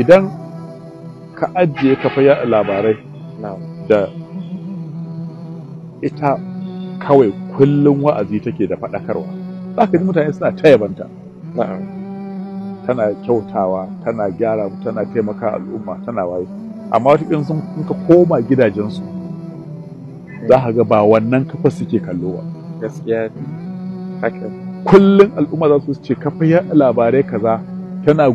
idan ka ajiye kafa yaɗa labarai da ita kawai kullum wa'azi take da faɗakarwa za ka ji mutane suna tayabanta tana kyautawa tana gyara tana taimaka al'umma tana waye amma wata sun ka koma gidajensu za ka ga ba wannan kafa suke kallo ba gaskiya ne kullum al'umma za su ce kafa yaɗa labarai kaza tana